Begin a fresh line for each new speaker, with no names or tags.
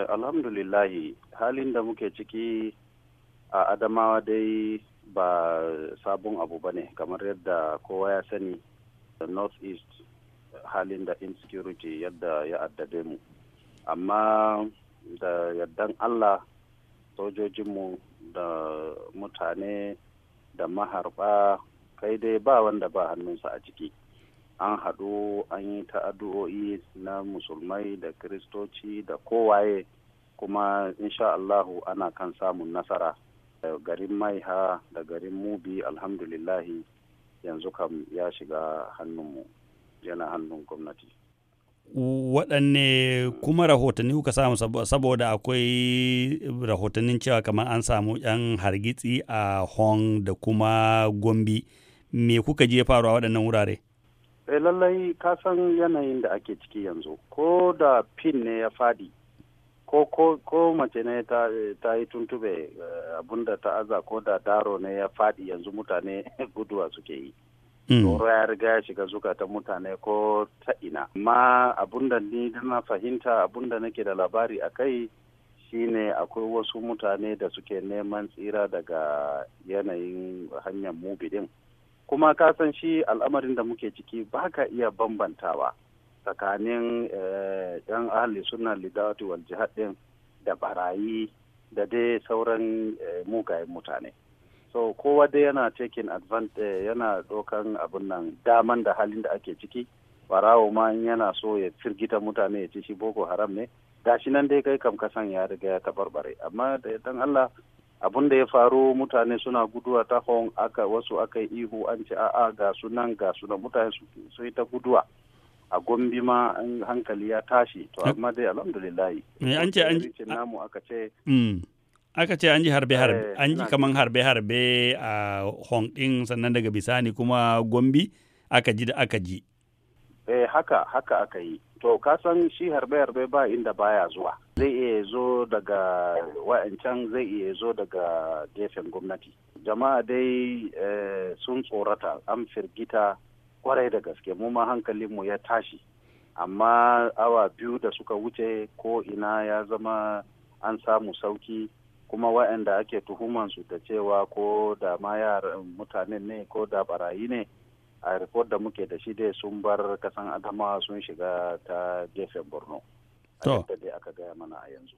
alhamdulillahi halin da muke ciki a Adamawa dai ba sabon abu ba ne kamar yadda kowa ya sani da north east halin da insecurity yadda ya addade mu. Amma da yardan Allah sojojinmu da mutane da maharba kai dai ba wanda ba hannunsa a ciki. an haɗu an yi ta na musulmai da kiristoci da kowaye kuma insha Allahu ana kan samun nasara garin maiha da garin mubi alhamdulillahi yanzu kam ya shiga hannunmu yana hannun gwamnati
waɗanne kuma rahotanni kuka samu saboda akwai rahotannin cewa kamar an samu yan hargitsi a hong da kuma gombi me kuka je faruwa waɗannan wurare
eh lallai ka san yanayin da ake ciki yanzu ko da pin ne ya fadi ko ko ko mace ne ta ta yi tuntube eh, abinda ta aza ko da daro ne ya fadi yanzu mutane guduwa suke yi hmm. tsoro ya riga ya shiga zukatan mutane ko ta ina amma abinda ni na fahimta abinda nake da labari a kai shine akwai wasu mutane da suke neman tsira daga yanayin hanyar mubi din kuma ka san shi al'amarin da muke ciki ba ka iya bambantawa tsakanin eh, yan ahli suna lidawati wal jihadin da barayi da dai sauran eh, mugayen mutane so kowa dai yana taking advantage eh, yana dokan abin nan daman da halin da ake ciki barawo ma in yana so ya firgita mutane ya ci shi boko haram ne gashi nan dai kai kam kasan ya riga ya tabarbare amma da dan Allah abin da ya faru mutane suna guduwa ta hon aka wasu aka yi ihu an ce a'a ga sunan ga sunan mutane su yi ta guduwa a gombi ma hankali ya tashi to amma dai alhamdulillah
eh, an ce an namu aka ce mm. aka ce an ji harbe harbe eh, an ji kaman harbe harbe a hong din sannan daga bisani kuma gombi aka ji da aka ji
eh haka haka aka yi to kasan shi harbe-harbe ba inda baya zuwa zai iya zo daga wa'ancan zai iya zo daga gefen gwamnati jama'a dai eh, sun tsorata an firgita kwarai da gaske mu ma hankalinmu ya tashi amma awa biyu da suka wuce ko ina ya zama an samu sauki kuma wa'anda ake tuhumansu da cewa ko da ma yaran mutanen ne ko da barayi ne a report da muke da shi dai sun bar kasan adamawa sun shiga ta gefen borno a yadda dai aka gaya mana a yanzu